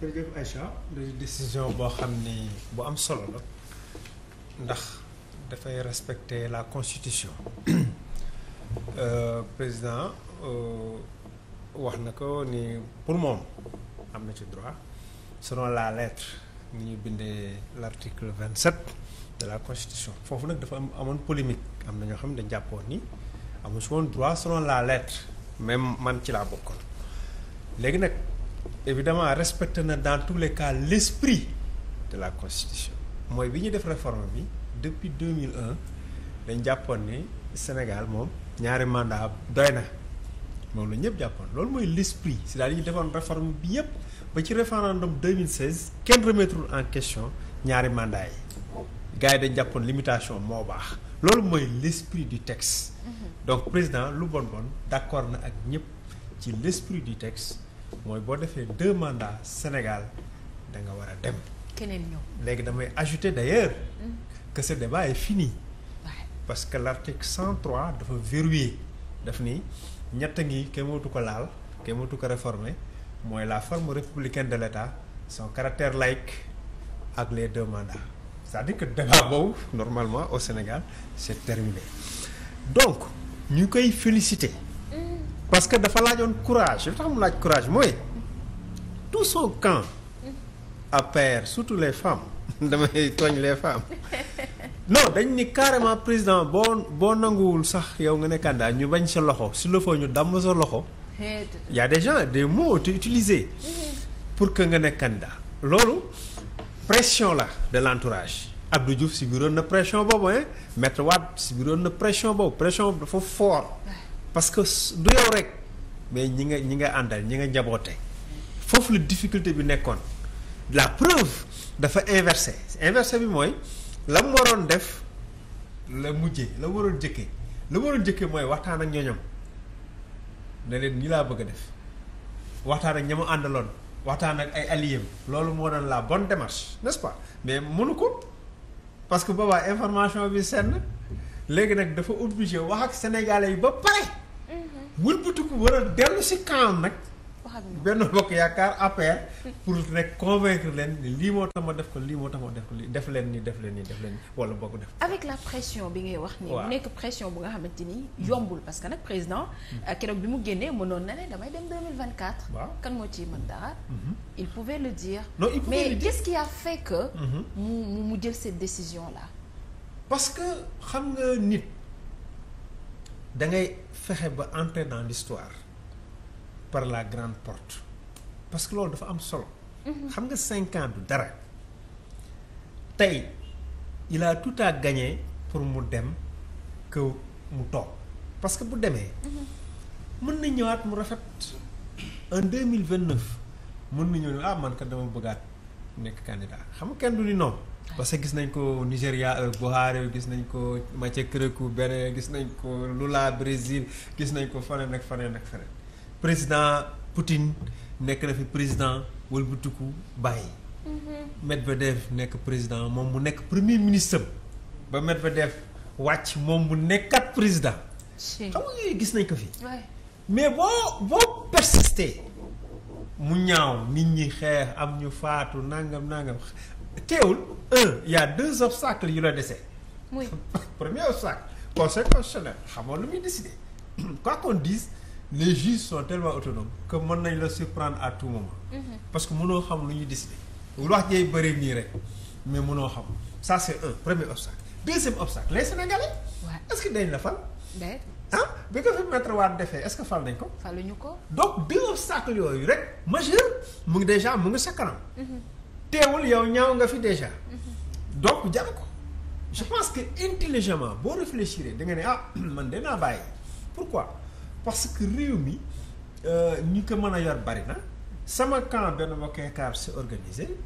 jërëjëf di day décision boo xam ni bu am solo la ndax dafay respecter la constitution euh, président euh, wax na ko ni pour moom am na ci droit selon la lettre ni ñu bindee l' article vingt sept de la constitution foofu nag dafa am amoon polémique am na ñoo xam ne dañ jàppoon ni amul si woon droit selon la lettre même man ci laa bokkoon léegi nag. évidement respecté na dans tous les cas l'esprit de la constitution mooy bi ñu def réforme bi depuis 2001 dañ jàppoon ni Sénégal moom ñaari mandat doy na moom la ñëpp jàppoon loolu mooy l'esprit c'est-à-dire ñu defoon réforme bi yëpp ba ci référendum 2016 kenn remettrul en question ñaari mandat yi gars dañ jàppoon limitation moo baax loolu mooy l'esprit du texte mm-hmm. donc président lu bon bon d'accord na ak ñëpp ci l'esprit du texte mooy boo defee deux mandats Sénégal da nga war a dem. keneen léegi damay ajouter d'ailleurs mm. que ce débat est fini. parce que l'article 103 dafa verrouillé daf ni ñett ngi kenn mënatu ko laal kenn mënatu ko réformer mooy la forme républicaine de l'État son caractère laïque ak les deux mandats c'est-à-dire que ah. normalement au Sénégal c'est terminé donc ñu koy féliciter. parce que dafa laajoon courage li tax mu laaj courage mooy tout son camp à surtout les femmes damay tooñ les femmes non dañ ni carrément président boo boo nanguwul sax yow nga ne candidat ñu bañ sa loxo si le faut ñu damm sa loxo y a des gens des mots utilisés pour que nga ne candidat loolu pression la de l'entourage Abdou Diouf si biroon na pression boobu hein Maître si si biroon na pression boobu pression dafa fort parce que du yow rek mais ñi nga ñi nga àndal ñi nga njaboote foofu la difficulté bi nekkoon la preuve dafa inversé inversé bi mooy la mu waroon def la mujjee la mu waroon jëkkee la mu waroon jëkkee mooy waxtaan ak ñooñam ne leen ñi laa bëgg a def waxtaan ak ña mu àndaloon waxtaan ak ay alliés loolu moo doon la bon démarche n'est-ce pas mais mënu ko parce que boobaa information bi senn léegi nag dafa obligé wax ak sénégalais yi ba pare. wëlbatiku war a dellu si camp nag. benn bokk yaakaar APR pour rek convaincre leen ni lii moo tax ma def ko lii moo tax ma def ko lii def leen nii def leen nii def leen nii wala bokk def avec la pression bi ngay wax nii mu nekk pression bu nga xamante ni yombul parce que nag président mm-hmm. euh, keroog bi mu génnee mënoon na ne damay dem 2024 waaw kan moo ciy mën dara mm-hmm. il pouvait le dire non il pouvait mais ges ce qui a mm-hmm. mu mu jël cette décision là parce que xam nga nit da ngay fexe ba entrer dans l'histoire par la grande porte parce que loolu dafa am solo. Mhm. xam nga cinq ans du dara. tey il a tout à gagner pour mu dem que mu toog parce que bu demee. Mhm. mën na ñëwaat mu rafet en deux mille vingt neuf mën na ñëw ah man kat dama bëggaat. nekk candidat xam nga kenn du ni non parce que gis nañ ko Nigéria euh, Buhari gis nañ ko Mathieu Kérékou Bénin gis nañ ko Lula Brésil gis nañ ko faneen ak faneen ak faneen président Poutine nekk na fi président wëlbatiku bàyyi. Mhm. Medvedev nekk président moom mu nekk premier ministre ba Medvedev wàcc moom mu nekkat président. xam nga gis nañ ko fi. mais boo boo persister. mu ñaaw nit ñi xeex am ñu faatu nangam nangam teewul un y a deux obstacles yu la dese. muy premier obstacle conseil constitutionnel xamoo lu muy décider quoi qu'on dise les juges sont tellement autonomes mën nañ la surprendre à tout moment. Mhm. parce que mënoo xam lu ñuy décider. lu wax jëy bëri nii rek mais mënoo xam ça c'est un premier obstacle deuxième obstacle les sénégalais. waaw est-ce que bi ko fi maître Wade defee est que fal nañ ko. faluñu ko donc deux obstacles yooyu rek majeur mu ngi déjà mu ngi sa kanam. Mhm. teewul yow ñaaw nga fi déjà. Mhm. donc jar ko. je pense que intelligemment boo réfléchir da nga ne ah man de naa bàyyi. pour pourquoi parce que réew mi euh, ñi ko mën a yor bari na sama camp benn bokk yaakaar c'est organiser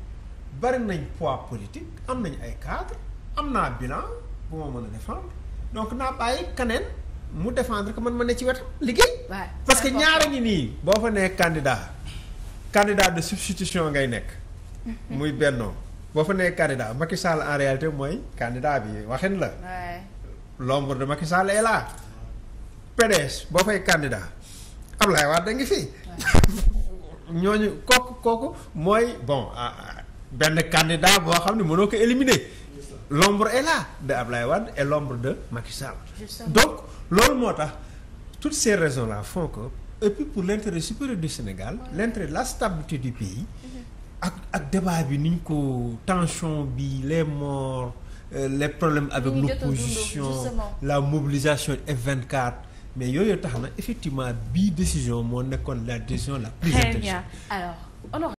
bari nañ poids politique am nañ ay cadres am naa bilan bu ma mën a défendre donc naa bàyyi keneen. mu défendre ko man ma ne ci wetam liggéey. parce que a ngi nii. boo fa nee candidat candidat de substitution ngay nekk. muy bennoo boo fa nee candidat Macky Sall en réalité mooy candidat bi waxin la. l'ombre de Macky Sall est boo fay candidat Ablaye Wade da ngi fi. ñooñu kooku kooku mooy bon ah, ah, benn candidat boo xam ne mënoo ko éliminer. l'ombre est là de Ablaye Wade et l'ombre de Macky loolu moo tax toutes ces raisons là font que et puis pour l'intérêt supérieur du Sénégal l'intérêt la stabilité du pays ak ak débat bi ni ko tension bi les morts euh, les problèmes avec l'opposition la mobilisation F24 mais yooyu tax na effectivement bii décision moo nekkoon la décision la plus intéressante